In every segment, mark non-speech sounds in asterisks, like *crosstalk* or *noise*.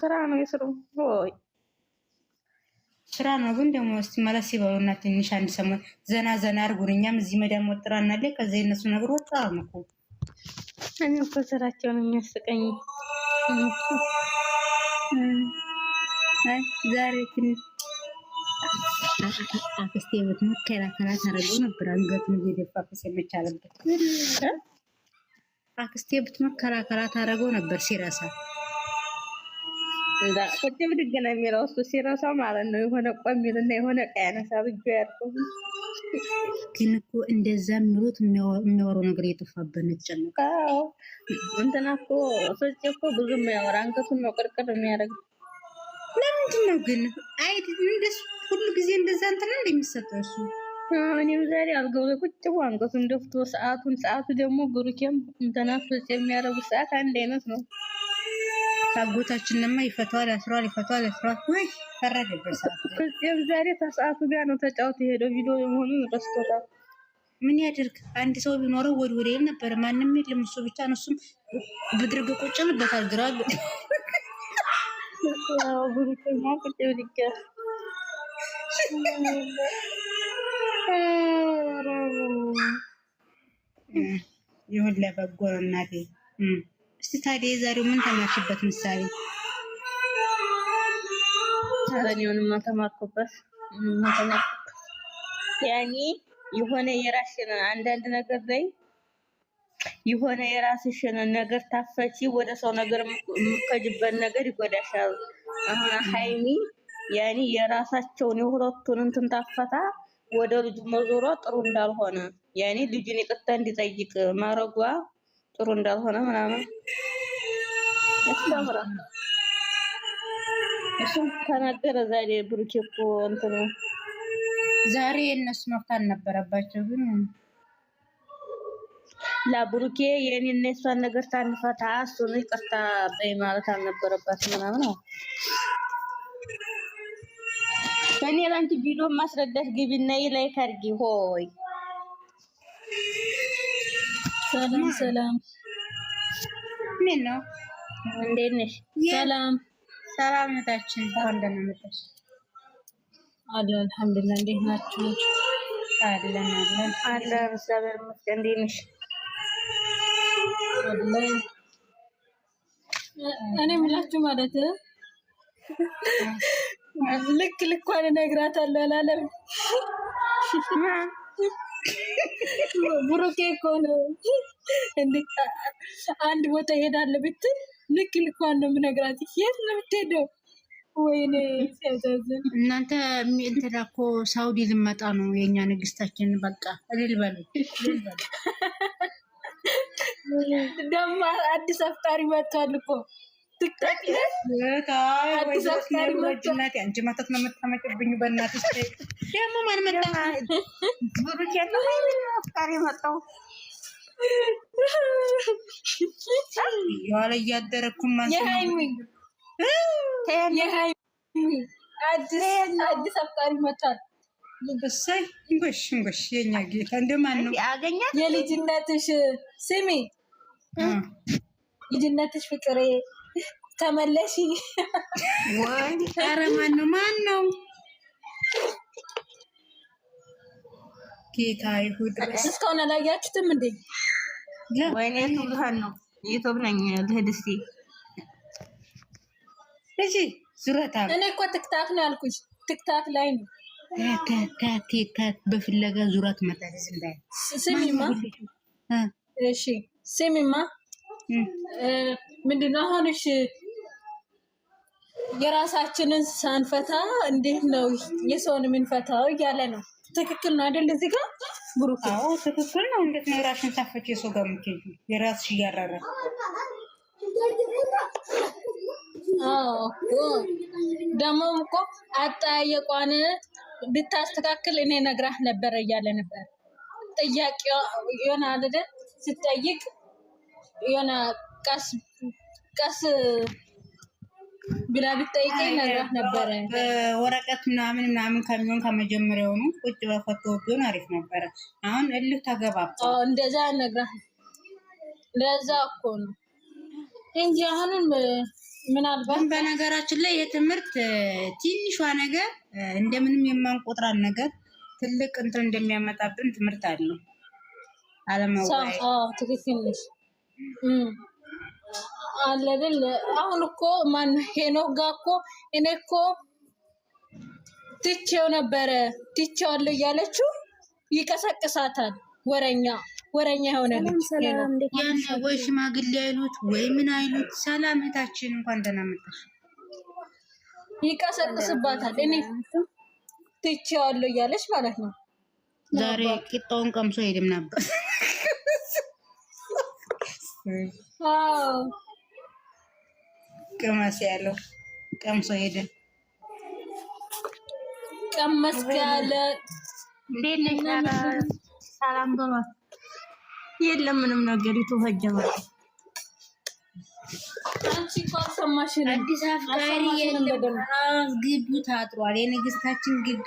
ስራ ነው የስሩ ወይ ስራ ነው። ግን ደግሞ እስቲ መለስ ይበሉና ትንሽ አንድ ሰሞን ዘና ዘና አድርጉን። እኛም እዚህ መዳም ወጥራ እናለ ከዚ የነሱ ነገር ወጣ አርምኩ እኔ እኮ ስራቸውን የሚያስቀኝ ዛሬ ትንሽ አክስቴ ቤት መከራከራ ታደርገው ነበር። አንገቱን እየደፋ አክስቴ መቻለበት አክስቴ ቤት መከራከራ ታደርገው ነበር ሲረሳ ቁጭ ብድግ ነው የሚለው እሱ ሲረሳው ማለት ነው። የሆነ ቆሚልና የሆነ ቀ ያነሳ ብጆ ያልኩት ግን እኮ እንደዛ የሚሉት የሚያወራው ነገር እየጠፋበት ነው። እንትና እኮ ፍጽ እኮ ብዙ የሚያወራ አንገቱን መቆርቅር የሚያደርግ ለምንድን ነው ግን? አይ እንደሱ ሁሉ ጊዜ እንደዛ እንትና እንደሚሰጠው እሱ እኔም ዛሬ አልገው ቁጭ ብሎ አንገቱን ደፍቶ ሰዓቱን ሰዓቱ ደግሞ ብሩኬም እንትና ፍጽ የሚያደርጉት ሰዓት አንድ አይነት ነው። አጎታችንማ ይፈቷል፣ ያስሯል፣ ይፈቷል፣ ያስሯል። ወይ ፈረደበት ሰዓት ዛሬ ከሰዓቱ ጋር ነው ተጫውቶ የሄደው ቪዲዮ መሆኑን ረስቶታል። ምን ያደርግ አንድ ሰው ቢኖረው ወድ ወደ ይል ነበር። ማንም የለም እሱ ብቻ ነው። እሱም ብድርግ ቁጭልበታል። ግራ ይሁን ለበጎ ነው እናቴ እስቲ ታዲያ የዛሬው ምን ተማርሽበት? ምሳሌ ታራኒውንም ተማርኩበት። ያኔ የሆነ የራስሽን አንዳንድ ነገር ላይ የሆነ የራስሽን ነገር ታፈቺ ወደ ሰው ነገር የምትከጅበት ነገር ይጎዳሻል። አሁን ሀይሚ ያኔ የራሳቸውን የሁለቱን እንትን ታፈታ ወደ ልጁ መዞሯ ጥሩ እንዳልሆነ ያኔ ልጁን ይቅርታ እንዲጠይቅ ማረጓ ጥሩ እንዳልሆነ ምናምን እሱም ተናገረ ዛሬ ብሩኬ እኮ እንትኑ ዛሬ የእነሱ መፍታት ነበረባቸው ግን ለብሩኬ የኔ የሷን ነገር ታንፈታ እሱን ይቅርታ በይ ማለት አልነበረባት ምናምን ነው። ከኔ ላንቺ ቪዲዮ ማስረዳት ግቢና ላይክ አድርጊ ሆይ ሰላም ሰላም፣ ምን ነው እንዴት ነሽ? ሰላም ሰላም፣ ነታችን እንኳን ደህና መጣሽ አለ። አልሐምዱሊላህ እንዴት ናችሁ? አለ አለ እግዚአብሔር ይመስገን። እንዴት ነሽ? አለ እኔ የምላችሁ ማለት ልክ ልኳን እነግራታለሁ አላለም ብሩኬ እኮ ነው። አንድ ቦታ ይሄዳለ ብትል ልክ ልኳን ነው ምነግራት። የት ነው የምትሄደው? ወይኔ ሲያዛዝን። እናንተ እንትና እኮ ሳውዲ ልመጣ ነው የእኛ ንግስታችን። በቃ እልል በሉ ደግሞ አዲስ አፍጣሪ መጥቷል እኮ አንቺ መተት ነው የምታመጭብኝ። በእናትሽ ደግሞ ማን መጣ? አፍቃሪ መጣው የኋላ እያደረግኩማ አዲስ አፍቃሪ መቷል። በሳይ እንጎሽ እንጎሽ የኛ ጌታ እንደ ነው ያገኛት? የልጅነትሽ ስሚ ልጅነትሽ ፍቅሬ ተመለሺ። ወይ ኧረ ማን ነው ማን ነው? ጌታ ይሁድ። እስካሁን አላያችሁትም እንዴ? ወይኔ ቱብሃን ነው ዩቱብ ነኝ ልሂድ እስኪ እሺ። ዙረታ እኔ እኮ ትክታክ ነው ያልኩሽ፣ ትክታክ ላይ ነው ታታታታት በፍለጋ ዙራት መጣለስ እንዳይ ስሚማ፣ እሺ ስሚማ ምንድነው አሁንሽ የራሳችንን ሳንፈታ እንዴት ነው የሰውን የምንፈታው? እያለ ነው። ትክክል ነው አይደል? እዚህ ጋር ብሩክ፣ አዎ ትክክል ነው። እንዴት ነው የራስሽን ሳፈች የሰው ጋር የምትሄጂ? የራስሽ እያረረ ደግሞ እኮ አጠያየቋን ብታስተካክል እኔ ነግራህ ነበረ እያለ ነበር። ጥያቄ የሆነ አለደ ስጠይቅ የሆነ ቀስ እንድጠቀስ ብላ ብትጠይቀኝ ነገር ነበረ። በወረቀት ምናምን ምናምን ከሚሆን ከመጀመሪያውኑ ቁጭ በፎቶ ቢሆን አሪፍ ነበረ። አሁን እልህ ተገባብቶ እንደዛ ነግራ እንደዛ እኮ ነው እንጂ አሁንም ምናልባት በነገራችን ላይ የትምህርት ትንሿ ነገር እንደምንም የማንቆጥራን ነገር ትልቅ እንትን እንደሚያመጣብን ትምህርት አለው አለመወያየት ትክክል ነሽ። አለ አሁን እኮ ማን ሄኖክ ጋር እኮ እኔ እኮ ትቼው ነበረ አለው እያለችው ይቀሰቅሳታል። ወረኛ ወረኛ የሆነ ያን ወይ ሽማግሌ አይሉት ወይ ምን አይሉት። ሰላም እህታችን እንኳን ደህና መጣሽ። ይቀሰቅስባታል። እኔ ትቼዋለሁ እያለች ማለት ነው። ዛሬ ቂጣውን ቀምሶ ሄድም ነበር *laughs* ቅመስ ያለው ቀምሶ ሄደ። ቀመስ ያለ ሰላም በሏት። የለም ምንም ነገር ይተፈጀማል። አንቺ እኮ አዲስ አፍቃሪ የለም። ግቢ ታጥሯል። የንግስታችን ግቢ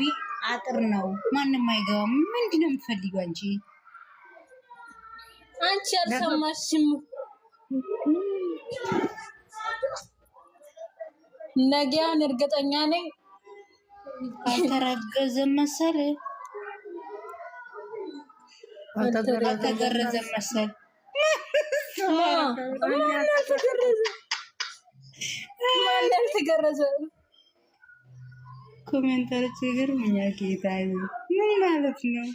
አጥር ነው። ማንም አይገባም። ምንድን ነው የምትፈልጊው አንቺ? አንቺ አልሰማሽም ነጊያን እርግጠኛ ነኝ አልተረገዘም መሰል አልተገረዘም መሰል አልተገረዘ ኮሜንተሮች ይገርምኛል። ጌታ ምን ማለት ነው?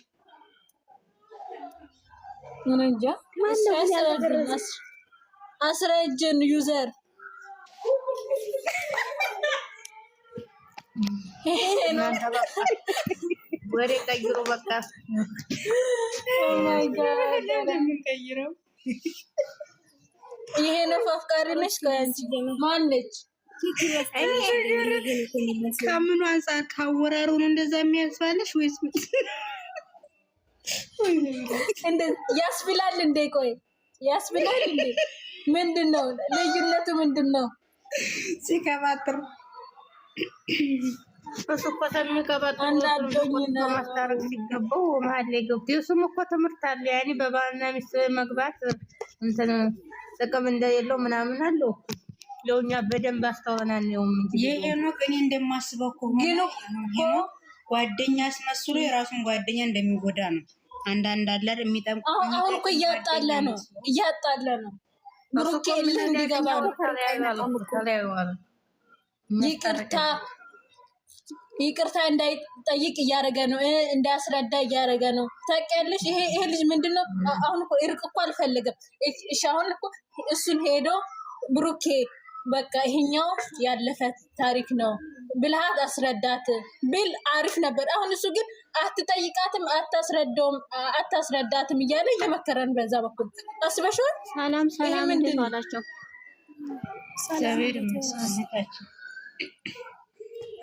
ምን እንጃ አስረጅን ዩዘር ወደ ቀይሮ በቃ oh ይሄ አፍቃሪ ማነች? ከምኑ አንጻር ካወራሩ ነው እንደዛ የሚያስባለሽ ወይስ ያስብላል እንዴ? ቆይ ያስብላል እንዴ? ምንድን ነው ልዩነቱ? ምንድን ነው ሲከባጥር እሱ እኮ ሲገባው መሀል ላይ ገብቶ እኮ ትምህርት አለ። ያኔ በባልና ሚስት መግባት እንትን ጥቅም እንደሌለው ምናምን አለው። ለውኛ በደንብ እንጂ እኔ እንደማስበው ከሆነ ጓደኛ አስመስሎ የራሱን ጓደኛ እንደሚጎዳ ነው። አንዳንድ አለ የሚጠምቁ አሁን እኮ እያጣለ ነው እያጣለ ነው ብሩኬ እልህ እንዲገባ ይቅርታ ይቅርታ እንዳይጠይቅ እያደረገ ነው፣ እንዳያስረዳ እያደረገ ነው። ታውቂያለሽ፣ ይሄ ልጅ ምንድን ነው አሁን? እኮ እርቅ እኮ አልፈልግም። እሺ አሁን እኮ እሱን ሄዶ ብሩኬ በቃ ይሄኛው ያለፈ ታሪክ ነው ብልሃት አስረዳት ብል አሪፍ ነበር። አሁን እሱ ግን አትጠይቃትም፣ አታስረዳውም፣ አታስረዳትም እያለ እየመከረን በዛ በኩል አስበሽዋል። ሰላም ሰላም፣ እንዴት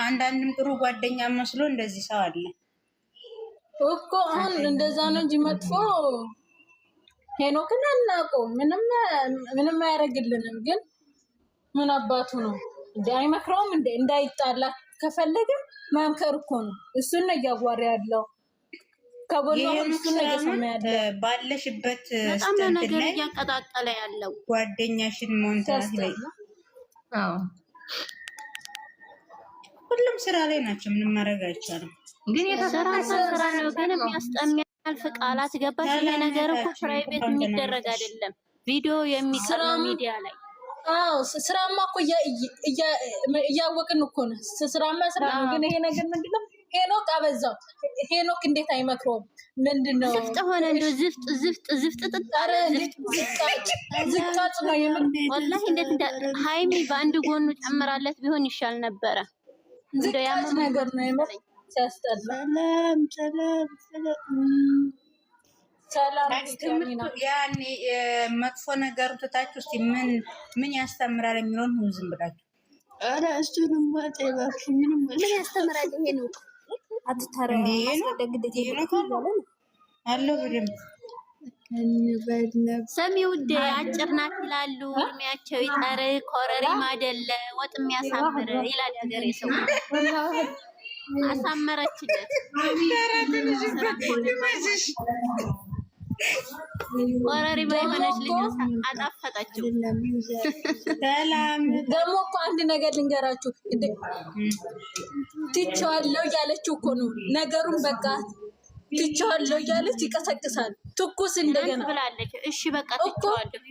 አንዳንድም ጥሩ ጓደኛ መስሎ እንደዚህ ሰው አለ እኮ። አሁን እንደዛ ነው እንጂ መጥፎ ሄኖክን አናውቀውም። ምንም አያደርግልንም። ግን ምን አባቱ ነው እንዲ አይመክረውም እንደ እንዳይጣላ ከፈለገ መምከር እኮ ነው። እሱን ነው እያዋሪ ያለው ባለሽበት በጣም ነገር እያቀጣጠለ ያለው ጓደኛሽን ሞንታት ሁሉም ስራ ላይ ናቸው። ምንም ማድረግ አይቻልም። ግን የተሰራ ስራ ነው። ግን የሚያስጠሚያልፍ ቃላት ገባሽ። ይሄ ነገር እኮ ፕራይቬት የሚደረግ አይደለም። ቪዲዮ የሚቀርበው ሚዲያ ላይ አዎ ስራማ እኮ እያወቅን እኮ ነው። ስራማ ስራ ነው። ግን ይሄ ነገር ምንድን ነው? ሄኖክ አበዛው። ሄኖክ እንዴት አይመክረውም? ምንድን ነው ዝፍጥ ሆነ። እንደው ዝፍጥ ዝፍጥ ዝፍጥ ጥጣረ ዝፍጥ ነው የምን ወላሂ፣ እንዴት እንደ ሃይሚ በአንድ ጎኑ ጨምራለት ቢሆን ይሻል ነበረ። እንደው ነገር ነው የምን ሲያስጠላ። ሰላም ሰላም ሰላም ያኔ መጥፎ ነገር ትታችሁ እስኪ ምን ምን ያስተምራል የሚለውን ሁሉ ዝም ብላችሁ ኧረ እሱንም ባጤባችሁ ምንም ምን ያስተምራል ይሄ ነው። ሰሚ ውድ አጭር ናት ይላሉ። እድሜያቸው ይጠር ኮረሪማ አይደለ ወጥ የሚያሳምር ይላል ነገር አሳመረችለት ወረሪባ የሆነች ልጅ አጣፈጣችሁ። ደግሞ እኮ አንድ ነገር ልንገራችሁ፣ ትቼዋለሁ እያለችው እኮ ነው ነገሩን። በቃ ትቼዋለሁ እያለች ይቀሰቅሳል። ትኩስ እንደገና ብላለች። እሺ በቃ ትቼዋለሁ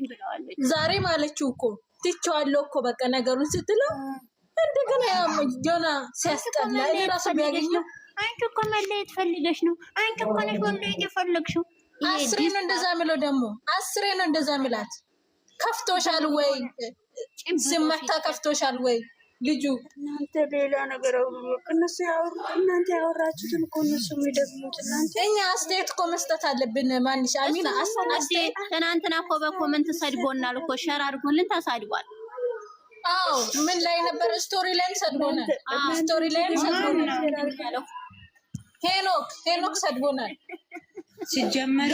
ዛሬ ማለችው እኮ ትቼዋለሁ እኮ በቃ ነገሩን ስትለው እንደገና ጆና ሲያስጠላ እራሱ ቢያገኘው አንቺ እኮ መለየት ፈልገሽ ነው። አንቺ እኮ ነሽ ወላሂ የፈለግሽው አስሬ ነው እንደዛ ምለው ደግሞ አስሬ ነው እንደዛ ምላት። ከፍቶሻል ወይ ስመታ ከፍቶሻል ወይ ልጁ እናንተ ሌላ ነገር እነሱ ያወሩ እናንተ ያወራችሁትን እኮ እነሱ የሚደግሙት እናንተ እኛ አስተያየት እኮ መስጠት አለብን። ማንሽ አሚና አስተያየት ትናንትና እኮ በኮመንት ሰድቦናል እኮ ሸር አድርጎልን ተሳድቧል። አዎ ምን ላይ ነበር? ስቶሪ ላይም ሰድቦናል። ስቶሪ ላይም ሰድቦናል። ሄኖክ ሄኖክ ሰድቦናል። ሲጀመር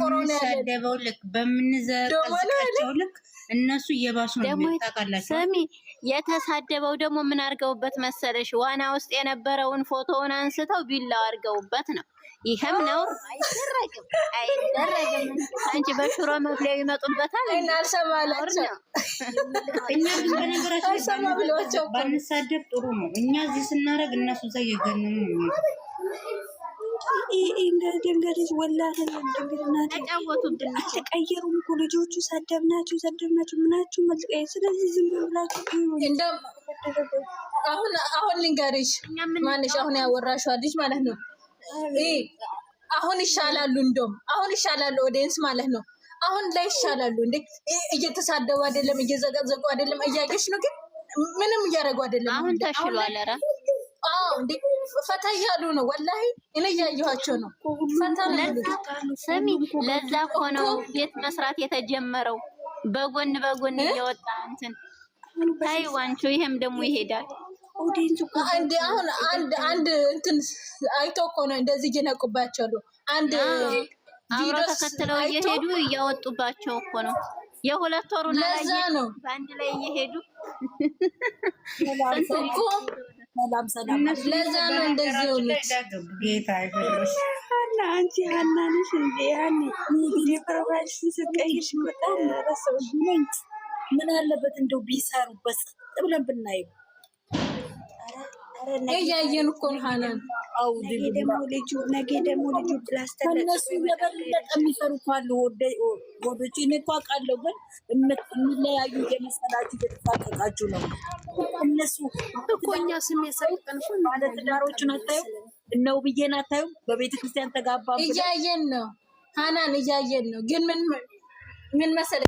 በምንሰደበው ልክ በምንዘቀዝቃቸው ልክ እነሱ እየባሱ ነው። ታውቃላችሁ፣ ስሚ የተሳደበው ደግሞ ምን አድርገውበት መሰለሽ? ዋና ውስጥ የነበረውን ፎቶውን አንስተው ቢላው አድርገውበት ነው። ይህም ነው አይደረግም፣ አይደረግም። አንቺ በሽሮ መብለያ ይመጡበታል። እኛ ብዙ በነገራችን ባንሳደብ ጥሩ ነው። እኛ እዚህ ስናደርግ እነሱ እዛ እየገነኑ ነው ደንገደች ወላሂ ደንገድና አልተቀየሩም እኮ ልጆቹ። ሰደብናቸው ሰደብናቸው ምናቸው መልቀየ ስለዚህ ዝም ብላችሁ አሁን አሁን ልንገርሽ ማንሽ አሁን ያወራሽው ልጅ ማለት ነው። አሁን ይሻላሉ፣ እንደውም አሁን ይሻላሉ ኦዲየንስ ማለት ነው። አሁን ላይ ይሻላሉ። እንደ እየተሳደቡ አይደለም፣ እየዘቀዘቁ አይደለም፣ እያገሽ ነው ግን ምንም እያደረጉ አይደለም። አሁን ተሽሏል። እንዴ ፈታ እያሉ ነው። ወላሂ እኔ እያየኋቸው ነው። ስሚ፣ ለዛ እኮ ነው ቤት መስራት የተጀመረው በጎን በጎን እየወጣ እንትን ታይ ዋንቾ ይሄም ደግሞ ይሄዳል። አንድ አሁን አንድ አንድ እንትን አይቶ እኮ ነው እንደዚህ እየነቁባቸው ነው። አንድ አብሮ ተከትለው እየሄዱ እያወጡባቸው እኮ ነው። የሁለት ወሩ ለዛ ነው በአንድ ላይ እየሄዱ ሰላም ሰላም። ለዛ ነው እንደዚህ ሆነች። አንቺ ሀና ነሽ እንዴ? ያኔ ፕሮግራምሽን ስትቀይሽ በጣም ረሰው ነኝ። ምን አለበት እንደው ቢሰሩበት ብለን ብናየው። እያየን እኮ ነው ሀናን ነገ ደግሞ ልጁ ፕላስተር ከነሱ የበለጠ የሚሰሩ ካሉ ወዶች እኔ ግን የሚለያዩ የመሰላችሁ እየተፋቀቃችሁ ነው። እነሱ እኮ እኛ ስም የሰጠን ባለ አታዩም፣ እነ ውብዬን አታዩም። በቤተ ክርስቲያን ተጋባ እያየን ነው፣ ሀናን እያየን ነው። ግን ምን ምን